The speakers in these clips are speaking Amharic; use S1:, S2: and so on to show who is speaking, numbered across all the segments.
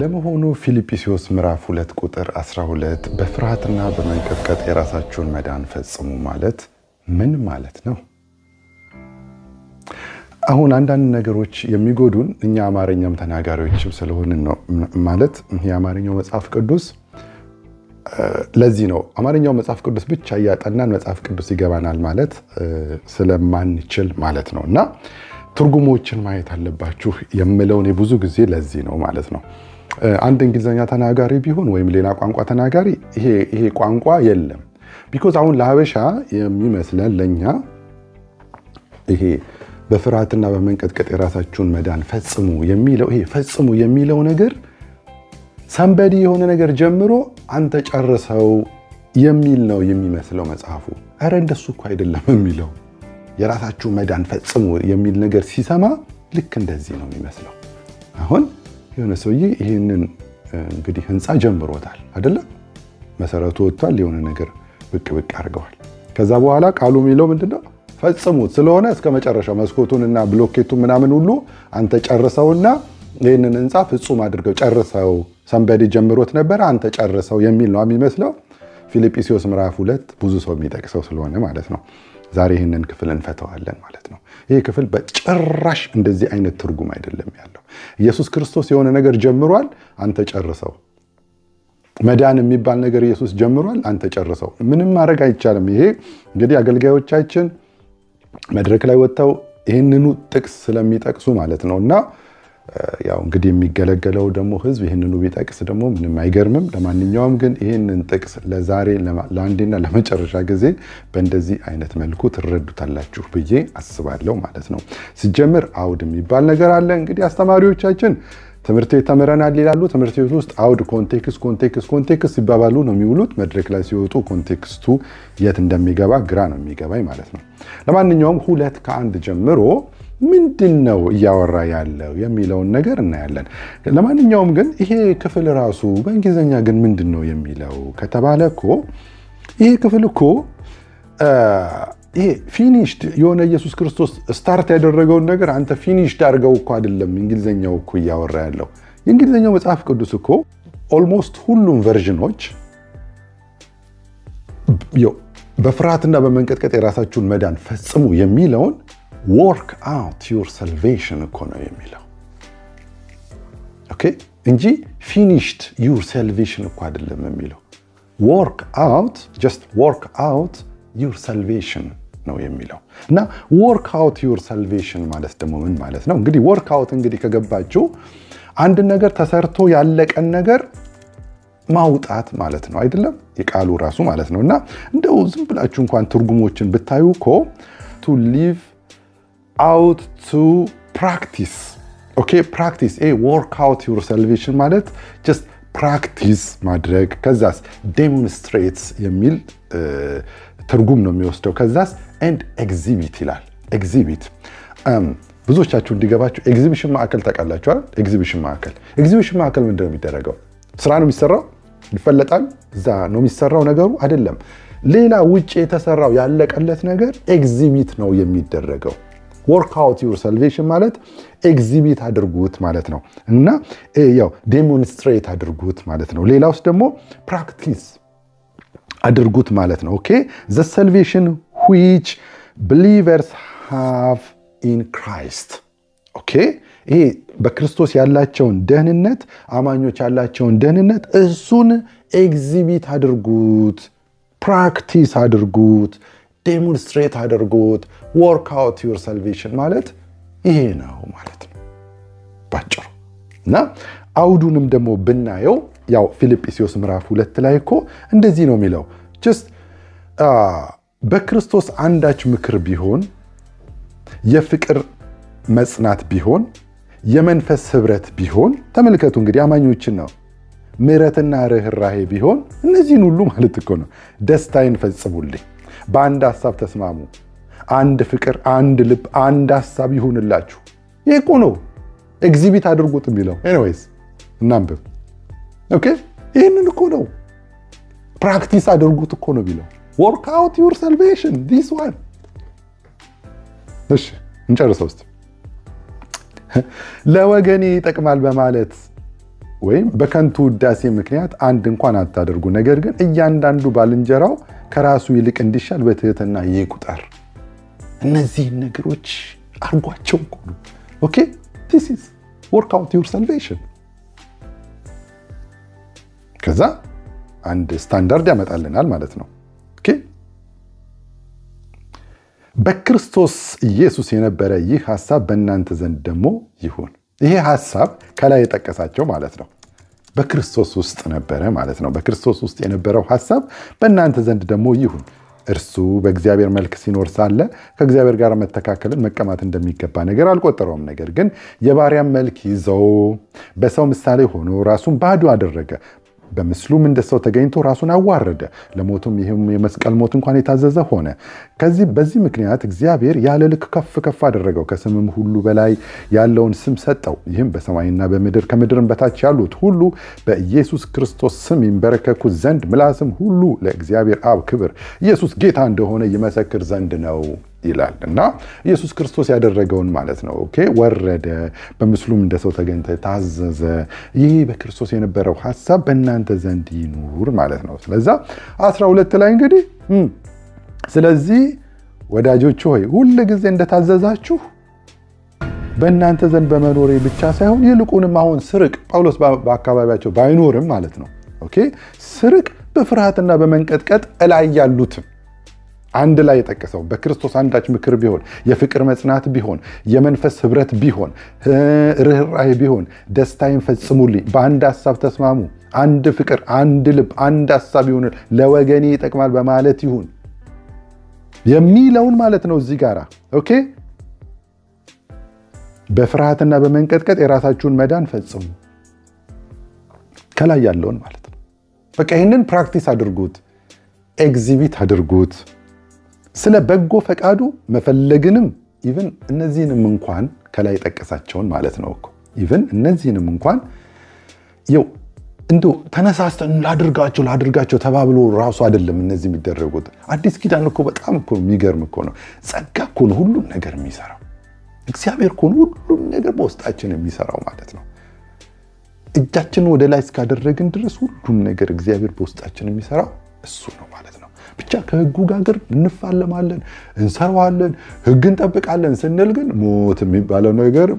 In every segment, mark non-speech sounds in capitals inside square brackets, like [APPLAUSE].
S1: ለመሆኑ ፊልጵስዩስ ምዕራፍ 2 ቁጥር 12 በፍርሃትና በመንቀጥቀጥ የራሳችሁን መዳን ፈጽሙ ማለት ምን ማለት ነው? አሁን አንዳንድ ነገሮች የሚጎዱን እኛ አማርኛም ተናጋሪዎችም ስለሆንን ነው። ማለት የአማርኛው መጽሐፍ ቅዱስ ለዚህ ነው አማርኛው መጽሐፍ ቅዱስ ብቻ እያጠናን መጽሐፍ ቅዱስ ይገባናል ማለት ስለማንችል ማለት ነው። እና ትርጉሞችን ማየት አለባችሁ የምለውን የብዙ ጊዜ ለዚህ ነው ማለት ነው። አንድ እንግሊዝኛ ተናጋሪ ቢሆን ወይም ሌላ ቋንቋ ተናጋሪ ይሄ ቋንቋ የለም። ቢኮዝ አሁን ለሀበሻ የሚመስለን ለእኛ ይሄ በፍርሃትና በመንቀጥቀጥ የራሳችሁን መዳን ፈጽሙ የሚለው ይሄ ፈጽሙ የሚለው ነገር ሰንበዲ የሆነ ነገር ጀምሮ አንተ ጨርሰው የሚል ነው የሚመስለው መጽሐፉ። እረ እንደሱ እኮ አይደለም የሚለው የራሳችሁ መዳን ፈጽሙ የሚል ነገር ሲሰማ ልክ እንደዚህ ነው የሚመስለው አሁን የሆነ ሰውዬ ይህንን እንግዲህ ህንፃ ጀምሮታል አይደለም? መሰረቱ ወጥቷል። የሆነ ነገር ብቅ ብቅ አድርገዋል። ከዛ በኋላ ቃሉ የሚለው ምንድነው? ፈጽሙት ስለሆነ እስከ መጨረሻው መስኮቱን እና ብሎኬቱን ምናምን ሁሉ አንተ ጨርሰውና ይህንን ህንፃ ፍጹም አድርገው ጨርሰው። ሰንበዴ ጀምሮት ነበረ አንተ ጨርሰው የሚል ነው የሚመስለው። ፊልጵስዩስ ምራፍ ሁለት ብዙ ሰው የሚጠቅሰው ስለሆነ ማለት ነው። ዛሬ ይህንን ክፍል እንፈተዋለን ማለት ነው። ይህ ክፍል በጭራሽ እንደዚህ አይነት ትርጉም አይደለም ያለው። ኢየሱስ ክርስቶስ የሆነ ነገር ጀምሯል፣ አንተ ጨርሰው። መዳን የሚባል ነገር ኢየሱስ ጀምሯል፣ አንተ ጨርሰው። ምንም ማድረግ አይቻልም። ይሄ እንግዲህ አገልጋዮቻችን መድረክ ላይ ወጥተው ይህንኑ ጥቅስ ስለሚጠቅሱ ማለት ነው እና ያው እንግዲህ የሚገለገለው ደግሞ ህዝብ ይህንኑ ቢጠቅስ ደግሞ ምንም አይገርምም። ለማንኛውም ግን ይህንን ጥቅስ ለዛሬ ለአንዴና ለመጨረሻ ጊዜ በእንደዚህ አይነት መልኩ ትረዱታላችሁ ብዬ አስባለሁ ማለት ነው። ሲጀምር አውድ የሚባል ነገር አለ። እንግዲህ አስተማሪዎቻችን ትምህርት ቤት ተምረናል ይላሉ። ትምህርት ቤት ውስጥ አውድ፣ ኮንቴክስት፣ ኮንቴክስት፣ ኮንቴክስት ሲባባሉ ነው የሚውሉት። መድረክ ላይ ሲወጡ ኮንቴክስቱ የት እንደሚገባ ግራ ነው የሚገባኝ ማለት ነው። ለማንኛውም ሁለት ከአንድ ጀምሮ ምንድን ነው እያወራ ያለው የሚለውን ነገር እናያለን። ለማንኛውም ግን ይሄ ክፍል ራሱ በእንግሊዝኛ ግን ምንድን ነው የሚለው ከተባለ እኮ ይሄ ክፍል እኮ ይሄ ፊኒሽድ የሆነ ኢየሱስ ክርስቶስ ስታርት ያደረገውን ነገር አንተ ፊኒሽድ አድርገው እኮ አይደለም እንግሊዝኛው እኮ እያወራ ያለው። የእንግሊዝኛው መጽሐፍ ቅዱስ እኮ ኦልሞስት ሁሉም ቨርዥኖች በፍርሃትና በመንቀጥቀጥ የራሳችሁን መዳን ፈጽሙ የሚለውን ወርክ አውት ዩር ሰልቬሽን እኮ ነው የሚለው ኦኬ እንጂ ፊኒሽድ ዩር ሰልቬሽን እኮ አይደለም የሚለው። ወርክ አውት ጀስት ወርክ አውት ዩር ሰልቬሽን ነው የሚለው እና ወርክ አውት ዩር ሰልቬሽን ማለት ደግሞ ምን ማለት ነው? እንግዲህ ወርክ አውት እንግዲህ ከገባችሁ አንድን ነገር ተሰርቶ ያለቀን ነገር ማውጣት ማለት ነው አይደለም? የቃሉ ራሱ ማለት ነው እና እንደው ዝም ብላችሁ እንኳን ትርጉሞችን ብታዩ እኮ ቱ ሊቭ አውት ቱ ፕራክቲስ ኦኬ ፕራክቲስ ወርክ አውት ዩር ሰልቬሽን ማለት ጀስት ፕራክቲስ ማድረግ ከዛስ ዴሞንስትሬትስ የሚል ትርጉም ነው የሚወስደው። ከዛስ ኤንድ ኤግዚቢት ይላል። ኤግዚቢት ብዙዎቻችሁ እንዲገባችሁ ኤግዚቢሽን ማዕከል ታውቃላችኋል። ኤግዚቢሽን ማዕከል ኤግዚቢሽን ማዕከል ምንድን ነው የሚደረገው? ስራ ነው የሚሰራው፣ ይፈለጣል። እዛ ነው የሚሰራው ነገሩ አይደለም። ሌላ ውጭ የተሰራው ያለቀለት ነገር ኤግዚቢት ነው የሚደረገው። ወርክ አውት ዩር ሰልቬሽን ማለት ኤግዚቢት አድርጉት ማለት ነው እና ያው ዴሞንስትሬት አድርጉት ማለት ነው። ሌላ ውስጥ ደግሞ ፕራክቲስ አድርጉት ማለት ነው። ኦኬ ዘ ሰልቬሽን ዊች ብሊቨርስ ሃቭ ኢን ክራይስት ኦኬ ይሄ በክርስቶስ ያላቸውን ደህንነት አማኞች ያላቸውን ደህንነት እሱን ኤግዚቢት አድርጉት፣ ፕራክቲስ አድርጉት ዴሞንስትሬት አድርጉት። ወርክ አውት ዩር ሳልቬሽን ማለት ይሄ ነው ማለት ነው ባጭሩ። እና አውዱንም ደግሞ ብናየው ያው ፊልጵስዩስ ምዕራፍ ሁለት ላይ እኮ እንደዚህ ነው የሚለው ጀስት uh, በክርስቶስ አንዳች ምክር ቢሆን የፍቅር መጽናት ቢሆን የመንፈስ ህብረት ቢሆን ተመልከቱ እንግዲህ አማኞችን ነው ምሕረትና ርኅራሄ ቢሆን እነዚህን ሁሉ ማለት እኮ ነው ደስታይን ፈጽሙልኝ በአንድ ሀሳብ ተስማሙ፣ አንድ ፍቅር፣ አንድ ልብ፣ አንድ ሀሳብ ይሁንላችሁ። ይህ እኮ ነው ኤግዚቢት አድርጉት የሚለው። ኤኒዌይስ እናንብብ። ኦኬ ይህንን እኮ ነው ፕራክቲስ አድርጉት እኮ ነው የሚለው። ወርክ አውት ዩር ሰልቬሽን ዲስ ዋን። እሺ እንጨርሰው እስኪ። ለወገኔ ይጠቅማል በማለት ወይም በከንቱ ውዳሴ ምክንያት አንድ እንኳን አታደርጉ፣ ነገር ግን እያንዳንዱ ባልንጀራው ከራሱ ይልቅ እንዲሻል በትህትና ይቁጠር። እነዚህን ነገሮች አርጓቸው እኮ ነው። ኦኬ ቲስ ኢዝ ወርክ አውት ዩር ሳልቬሽን። ከዛ አንድ ስታንዳርድ ያመጣልናል ማለት ነው። ኦኬ በክርስቶስ ኢየሱስ የነበረ ይህ ሐሳብ በእናንተ ዘንድ ደግሞ ይሁን። ይሄ ሐሳብ ከላይ የጠቀሳቸው ማለት ነው በክርስቶስ ውስጥ ነበረ ማለት ነው። በክርስቶስ ውስጥ የነበረው ሀሳብ በእናንተ ዘንድ ደግሞ ይሁን። እርሱ በእግዚአብሔር መልክ ሲኖር ሳለ ከእግዚአብሔር ጋር መተካከልን መቀማት እንደሚገባ ነገር አልቆጠረውም። ነገር ግን የባሪያም መልክ ይዘው በሰው ምሳሌ ሆኖ ራሱን ባዶ አደረገ። በምስሉም እንደ ሰው ተገኝቶ ራሱን አዋረደ፣ ለሞቱም ይህም የመስቀል ሞት እንኳን የታዘዘ ሆነ። ከዚህ በዚህ ምክንያት እግዚአብሔር ያለ ልክ ከፍ ከፍ አደረገው፣ ከስምም ሁሉ በላይ ያለውን ስም ሰጠው። ይህም በሰማይና በምድር ከምድርም በታች ያሉት ሁሉ በኢየሱስ ክርስቶስ ስም ይንበረከኩ ዘንድ ምላስም ሁሉ ለእግዚአብሔር አብ ክብር ኢየሱስ ጌታ እንደሆነ ይመሰክር ዘንድ ነው። ይላል እና ኢየሱስ ክርስቶስ ያደረገውን ማለት ነው። ኦኬ ወረደ፣ በምስሉም እንደ ሰው ተገኝተ ታዘዘ። ይህ በክርስቶስ የነበረው ሀሳብ በእናንተ ዘንድ ይኑር ማለት ነው። ስለዛ 12 ላይ እንግዲህ ስለዚህ ወዳጆች ሆይ ሁል ጊዜ እንደታዘዛችሁ በእናንተ ዘንድ በመኖሬ ብቻ ሳይሆን ይልቁንም አሁን ስርቅ፣ ጳውሎስ በአካባቢያቸው ባይኖርም ማለት ነው ኦኬ ስርቅ በፍርሃትና በመንቀጥቀጥ እላይ ያሉትም አንድ ላይ የጠቀሰው በክርስቶስ አንዳች ምክር ቢሆን የፍቅር መጽናት ቢሆን የመንፈስ ህብረት ቢሆን ርኅራኄ ቢሆን ደስታዬን ፈጽሙልኝ፣ በአንድ ሀሳብ ተስማሙ፣ አንድ ፍቅር፣ አንድ ልብ፣ አንድ ሀሳብ ይሁን፣ ለወገኔ ይጠቅማል በማለት ይሁን የሚለውን ማለት ነው። እዚህ ጋራ ኦኬ። በፍርሃትና በመንቀጥቀጥ የራሳችሁን መዳን ፈጽሙ፣ ከላይ ያለውን ማለት ነው። በቃ ይህንን ፕራክቲስ አድርጉት፣ ኤግዚቢት አድርጉት። ስለ በጎ ፈቃዱ መፈለግንም ኢቨን እነዚህንም እንኳን ከላይ ጠቀሳቸውን ማለት ነው እኮ ኢቨን እነዚህንም እንኳን ው እንዲ ተነሳስተን ላድርጋቸው ላድርጋቸው ተባብሎ ራሱ አይደለም እነዚህ የሚደረጉት። አዲስ ኪዳን እኮ በጣም እኮ የሚገርም እኮ ነው። ጸጋ እኮ ነው ሁሉም ነገር የሚሰራው እግዚአብሔር እኮ ነው ሁሉም ነገር በውስጣችን የሚሰራው ማለት ነው። እጃችንን ወደ ላይ እስካደረግን ድረስ ሁሉም ነገር እግዚአብሔር በውስጣችን የሚሰራው እሱ ነው ማለት ነው። ብቻ ከህጉ ጋር እንፋለማለን፣ እንሰራዋለን፣ ህግ እንጠብቃለን ስንል ግን ሞት የሚባለው ነገር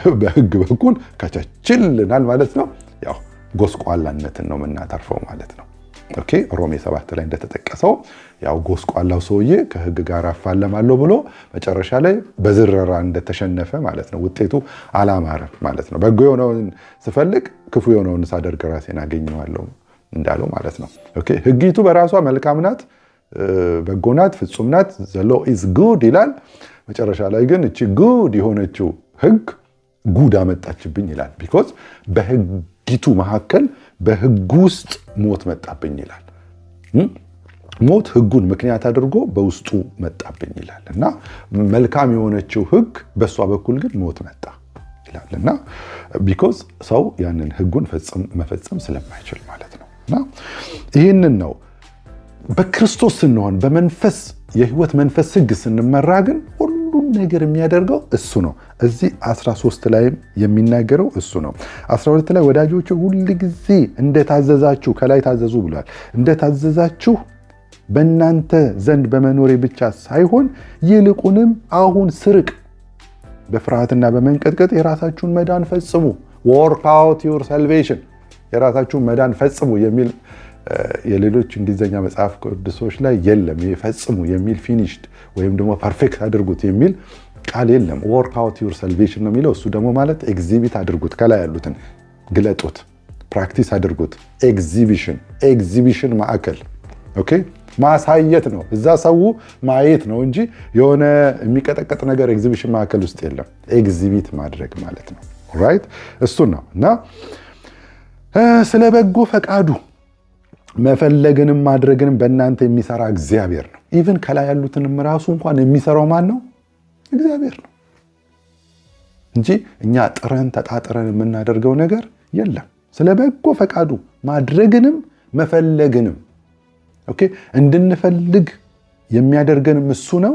S1: [LAUGHS] በህግ በኩል ከቻችልናል ማለት ነው። ያው ጎስቋላነትን ነው የምናተርፈው ማለት ነው። ኦኬ ሮሜ ሰባት ላይ እንደተጠቀሰው ያው ጎስቋላው ሰውዬ ከህግ ጋር አፋለማለሁ ብሎ መጨረሻ ላይ በዝረራ እንደተሸነፈ ማለት ነው። ውጤቱ አላማረም ማለት ነው። በጎ የሆነውን ስፈልግ ክፉ የሆነውን ሳደርግ ራሴን አገኘዋለሁ። እንዳለው ማለት ነው። ኦኬ በራሷ መልካም ናት፣ በጎ ናት፣ ፍጹም ናት። ዘ ሎ ኢዝ ጉድ ይላል። መጨረሻ ላይ ግን እቺ ጉድ የሆነችው ህግ ጉድ አመጣችብኝ ይላል። ቢኮዝ በህጊቱ መካከል በህግ ውስጥ ሞት መጣብኝ ይላል። ሞት ህጉን ምክንያት አድርጎ በውስጡ መጣብኝ ይላል እና መልካም የሆነችው ህግ በእሷ በኩል ግን ሞት መጣ ይላል እና ቢኮዝ ሰው ያንን ህጉን መፈጸም ስለማይችል ማለት ነው። እና ይህንን ነው በክርስቶስ ስንሆን በመንፈስ የህይወት መንፈስ ህግ ስንመራ ግን ሁሉን ነገር የሚያደርገው እሱ ነው። እዚህ 13 ላይ የሚናገረው እሱ ነው። 12 ላይ ወዳጆች ሁል ጊዜ እንደታዘዛችሁ ከላይ ታዘዙ ብሏል። እንደታዘዛችሁ በእናንተ ዘንድ በመኖሬ ብቻ ሳይሆን ይልቁንም አሁን ስርቅ፣ በፍርሃትና በመንቀጥቀጥ የራሳችሁን መዳን ፈጽሙ። ወርክ አውት ዩር ሳልቬሽን የራሳችሁ መዳን ፈጽሙ የሚል የሌሎች እንግሊዝኛ መጽሐፍ ቅዱሶች ላይ የለም። ፈጽሙ የሚል ፊኒሽድ ወይም ደግሞ ፐርፌክት አድርጉት የሚል ቃል የለም። ወርክ አውት ዩር ሰልቬሽን ነው የሚለው። እሱ ደግሞ ማለት ኤግዚቢት አድርጉት፣ ከላይ ያሉትን ግለጡት፣ ፕራክቲስ አድርጉት። ኤግዚቢሽን ኤግዚቢሽን ማዕከል ኦኬ፣ ማሳየት ነው። እዛ ሰው ማየት ነው እንጂ የሆነ የሚቀጠቀጥ ነገር ኤግዚቢሽን ማዕከል ውስጥ የለም። ኤግዚቢት ማድረግ ማለት ነው። ራይት እሱን ነው እና ስለ በጎ ፈቃዱ መፈለግንም ማድረግንም በእናንተ የሚሰራ እግዚአብሔር ነው። ኢቭን ከላይ ያሉትንም ራሱ እንኳን የሚሰራው ማን ነው? እግዚአብሔር ነው እንጂ እኛ ጥረን ተጣጥረን የምናደርገው ነገር የለም። ስለ በጎ ፈቃዱ ማድረግንም መፈለግንም ኦኬ እንድንፈልግ የሚያደርገንም እሱ ነው።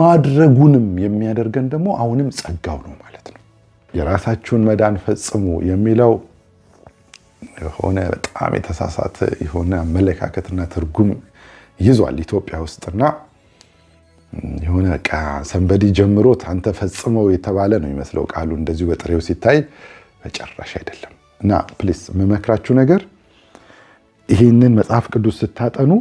S1: ማድረጉንም የሚያደርገን ደግሞ አሁንም ጸጋው ነው ማለት ነው። የራሳችሁን መዳን ፈጽሙ የሚለው የሆነ በጣም የተሳሳተ የሆነ አመለካከትና ትርጉም ይዟል ኢትዮጵያ ውስጥና የሆነ ሰንበዲ ጀምሮት አንተ ፈጽመው የተባለ ነው የሚመስለው ቃሉ እንደዚሁ በጥሬው ሲታይ መጨረሻ አይደለም። እና ፕሊስ የምመክራችሁ ነገር ይህንን መጽሐፍ ቅዱስ ስታጠኑ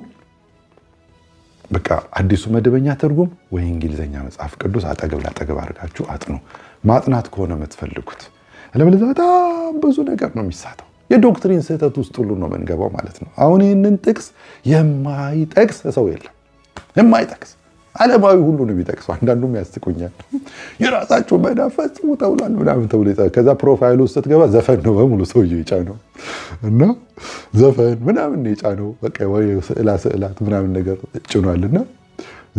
S1: በቃ አዲሱ መደበኛ ትርጉም ወይ እንግሊዝኛ መጽሐፍ ቅዱስ አጠገብ ላጠገብ አድርጋችሁ አጥኑ፣ ማጥናት ከሆነ የምትፈልጉት። አለበለዚያ በጣም ብዙ ነገር ነው የሚሳተው። የዶክትሪን ስህተት ውስጥ ሁሉ ነው የምንገባው ማለት ነው። አሁን ይህንን ጥቅስ የማይጠቅስ ሰው የለም። የማይጠቅስ ዓለማዊ ሁሉ ነው የሚጠቅሰው። አንዳንዱም ያስቁኛል። የራሳቸው መዳ ፈጽሙ ተብሏል ምናምን ተብሎ ከዛ ፕሮፋይሉ ውስጥ ስትገባ ዘፈን ነው በሙሉ ሰውዬው የጫነው እና ዘፈን ምናምን የጫነው በቃ ስዕላ ስዕላት ምናምን ነገር ጭኗል እና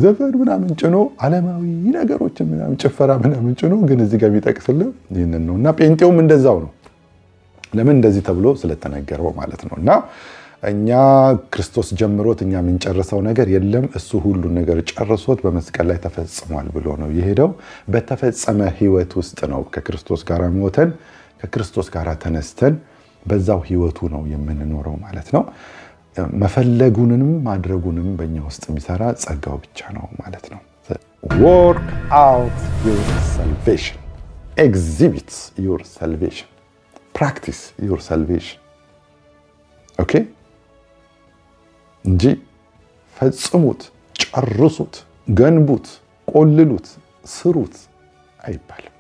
S1: ዘፈን ምናምን ጭኖ ዓለማዊ ነገሮችን ምናምን ጭፈራ ምናምን ጭኖ ግን እዚህ ጋር የሚጠቅስልን ይህንን ነው እና ጴንጤውም እንደዛው ነው ለምን እንደዚህ ተብሎ ስለተነገረው ማለት ነው። እና እኛ ክርስቶስ ጀምሮት እኛ የምንጨርሰው ነገር የለም። እሱ ሁሉ ነገር ጨርሶት በመስቀል ላይ ተፈጽሟል ብሎ ነው የሄደው። በተፈጸመ ህይወት ውስጥ ነው ከክርስቶስ ጋር ሞተን ከክርስቶስ ጋር ተነስተን በዛው ህይወቱ ነው የምንኖረው ማለት ነው። መፈለጉንም ማድረጉንም በእኛ ውስጥ የሚሰራ ጸጋው ብቻ ነው ማለት ነው። ወርክ አውት ዮር ሳልቬሽን ኤግዚቢት ሳልቬሽን ፕራክቲስ ዩር ሳልቬሽን ኦኬ እንጂ ፈጽሙት፣ ጨርሱት፣ ገንቡት፣ ቆልሉት፣ ስሩት አይባልም።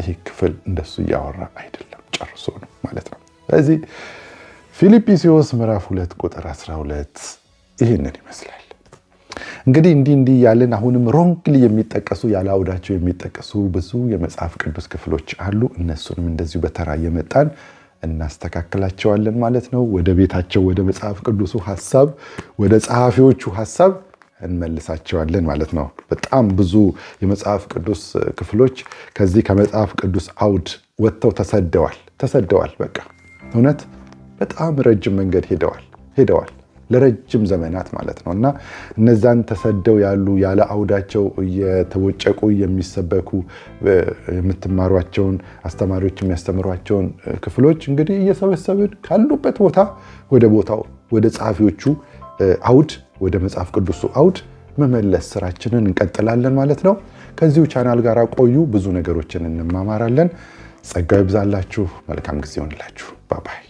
S1: ይሄ ክፍል እንደሱ እያወራ አይደለም፣ ጨርሶ ነው ማለት ነው። ስለዚህ ፊልጵስዩስ ምዕራፍ 2 ቁጥር 12 ይህንን ይመስላል። እንግዲህ እንዲህ እንዲህ ያለን አሁንም ሮንግሊ የሚጠቀሱ ያለአውዳቸው የሚጠቀሱ ብዙ የመጽሐፍ ቅዱስ ክፍሎች አሉ። እነሱንም እንደዚሁ በተራ እየመጣን እናስተካክላቸዋለን ማለት ነው። ወደ ቤታቸው ወደ መጽሐፍ ቅዱሱ ሀሳብ ወደ ጸሐፊዎቹ ሀሳብ እንመልሳቸዋለን ማለት ነው። በጣም ብዙ የመጽሐፍ ቅዱስ ክፍሎች ከዚህ ከመጽሐፍ ቅዱስ አውድ ወጥተው ተሰደዋል ተሰደዋል። በቃ እውነት በጣም ረጅም መንገድ ሄደዋል ሄደዋል። ለረጅም ዘመናት ማለት ነው እና እነዛን ተሰደው ያሉ ያለ አውዳቸው እየተወጨቁ የሚሰበኩ የምትማሯቸውን አስተማሪዎች የሚያስተምሯቸውን ክፍሎች እንግዲህ እየሰበሰብን ካሉበት ቦታ ወደ ቦታው ወደ ጸሐፊዎቹ አውድ ወደ መጽሐፍ ቅዱሱ አውድ መመለስ ስራችንን እንቀጥላለን ማለት ነው። ከዚሁ ቻናል ጋር ቆዩ፣ ብዙ ነገሮችን እንማማራለን። ጸጋው ይብዛላችሁ። መልካም ጊዜ ይሆንላችሁ። ባባይ